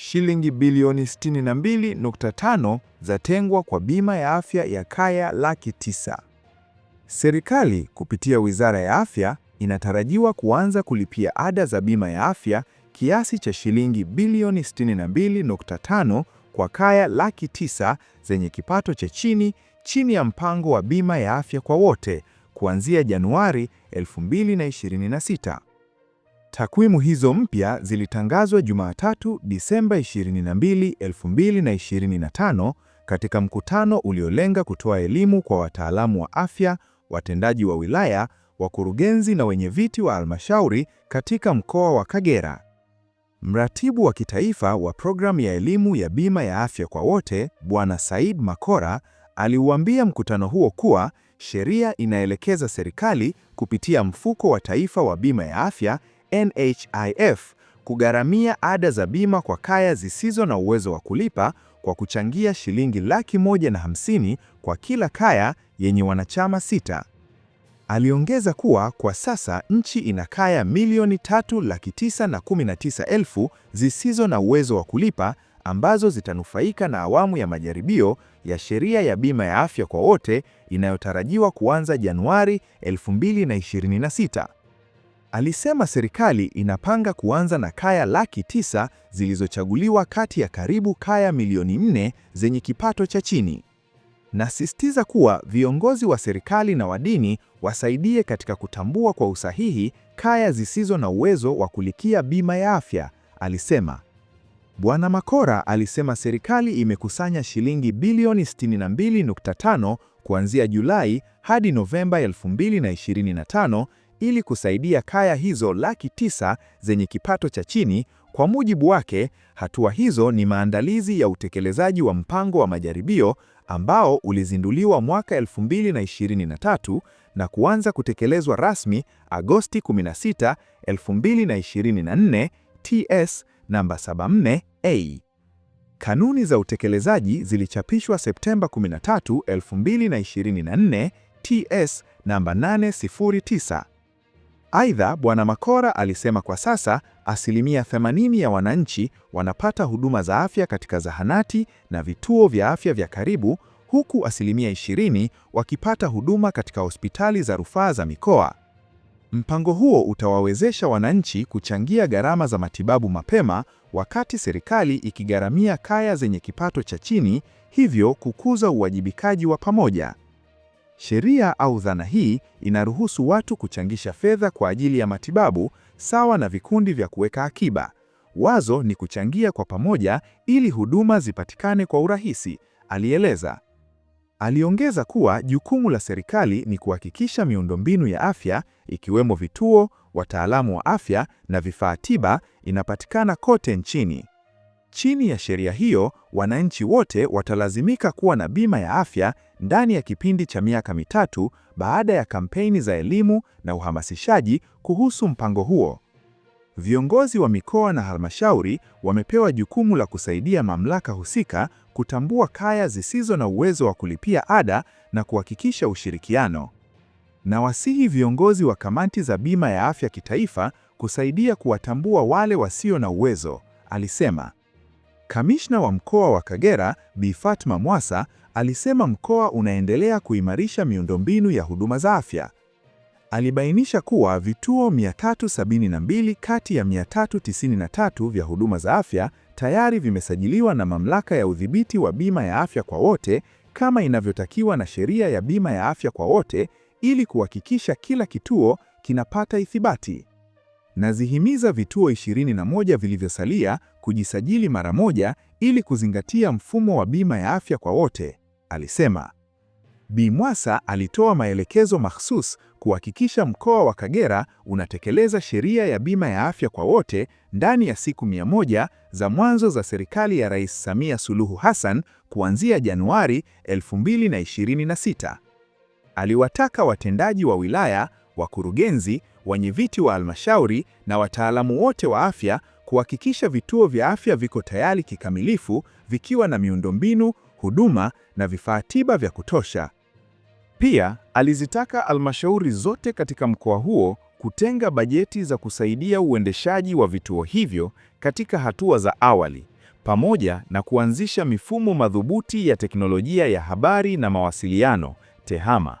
shilingi bilioni 62.5 zatengwa kwa bima ya afya ya kaya laki tisa. Serikali kupitia Wizara ya Afya inatarajiwa kuanza kulipia ada za bima ya afya kiasi cha shilingi bilioni 62.5 kwa kaya laki tisa zenye kipato cha chini chini ya mpango wa bima ya afya kwa wote kuanzia Januari 2026. Takwimu hizo mpya zilitangazwa Jumatatu, Disemba 22, 2025 katika mkutano uliolenga kutoa elimu kwa wataalamu wa afya, watendaji wa wilaya, wakurugenzi na wenyeviti wa halmashauri katika mkoa wa Kagera. Mratibu wa kitaifa wa programu ya elimu ya bima ya afya kwa wote, Bwana Said Makora, aliuambia mkutano huo kuwa sheria inaelekeza serikali kupitia mfuko wa taifa wa bima ya afya NHIF kugharamia ada za bima kwa kaya zisizo na uwezo wa kulipa kwa kuchangia shilingi laki moja na hamsini kwa kila kaya yenye wanachama sita. Aliongeza kuwa kwa sasa nchi ina kaya milioni tatu laki tisa na kumi na tisa elfu zisizo na uwezo wa kulipa ambazo zitanufaika na awamu ya majaribio ya sheria ya bima ya afya kwa wote inayotarajiwa kuanza Januari 2026. Alisema serikali inapanga kuanza na kaya laki tisa zilizochaguliwa kati ya karibu kaya milioni nne zenye kipato cha chini. Nasisitiza kuwa viongozi wa serikali na wa dini wasaidie katika kutambua kwa usahihi kaya zisizo na uwezo wa kulikia bima ya afya, alisema. Bwana Makora alisema serikali imekusanya shilingi bilioni 62.5 kuanzia Julai hadi Novemba 2025 ili kusaidia kaya hizo laki tisa zenye kipato cha chini. Kwa mujibu wake, hatua hizo ni maandalizi ya utekelezaji wa mpango wa majaribio ambao ulizinduliwa mwaka 2023 na kuanza kutekelezwa rasmi Agosti 16, 2024 TS namba 74A. Kanuni za utekelezaji zilichapishwa Septemba 13, 2024 TS namba 809. Aidha, Bwana Makora alisema kwa sasa asilimia 80 ya wananchi wanapata huduma za afya katika zahanati na vituo vya afya vya karibu, huku asilimia 20 wakipata huduma katika hospitali za rufaa za mikoa. Mpango huo utawawezesha wananchi kuchangia gharama za matibabu mapema, wakati serikali ikigharamia kaya zenye kipato cha chini, hivyo kukuza uwajibikaji wa pamoja. Sheria au dhana hii inaruhusu watu kuchangisha fedha kwa ajili ya matibabu sawa na vikundi vya kuweka akiba. Wazo ni kuchangia kwa pamoja ili huduma zipatikane kwa urahisi, alieleza. Aliongeza kuwa jukumu la serikali ni kuhakikisha miundombinu ya afya ikiwemo vituo, wataalamu wa afya na vifaa tiba inapatikana kote nchini. Chini ya sheria hiyo, wananchi wote watalazimika kuwa na bima ya afya ndani ya kipindi cha miaka mitatu baada ya kampeni za elimu na uhamasishaji kuhusu mpango huo. Viongozi wa mikoa na halmashauri wamepewa jukumu la kusaidia mamlaka husika kutambua kaya zisizo na uwezo wa kulipia ada na kuhakikisha ushirikiano. Nawasihi viongozi wa kamati za bima ya afya kitaifa kusaidia kuwatambua wale wasio na uwezo, alisema. Kamishna wa mkoa wa Kagera Bi Fatma Mwasa alisema mkoa unaendelea kuimarisha miundombinu ya huduma za afya. Alibainisha kuwa vituo 372 kati ya 393 vya huduma za afya tayari vimesajiliwa na Mamlaka ya Udhibiti wa Bima ya Afya kwa Wote kama inavyotakiwa na Sheria ya Bima ya Afya kwa Wote ili kuhakikisha kila kituo kinapata ithibati. Nazihimiza vituo 21 vilivyosalia kujisajili mara moja ili kuzingatia mfumo wa bima ya afya kwa wote, alisema. Bi Mwasa alitoa maelekezo mahsus kuhakikisha mkoa wa Kagera unatekeleza sheria ya bima ya afya kwa wote ndani ya siku 100 za mwanzo za serikali ya Rais Samia Suluhu Hassan kuanzia Januari 2026. Aliwataka watendaji wa wilaya wakurugenzi, wenyeviti wa halmashauri na wataalamu wote wa afya kuhakikisha vituo vya afya viko tayari kikamilifu vikiwa na miundombinu, huduma na vifaa tiba vya kutosha. Pia alizitaka halmashauri zote katika mkoa huo kutenga bajeti za kusaidia uendeshaji wa vituo hivyo katika hatua za awali pamoja na kuanzisha mifumo madhubuti ya teknolojia ya habari na mawasiliano TEHAMA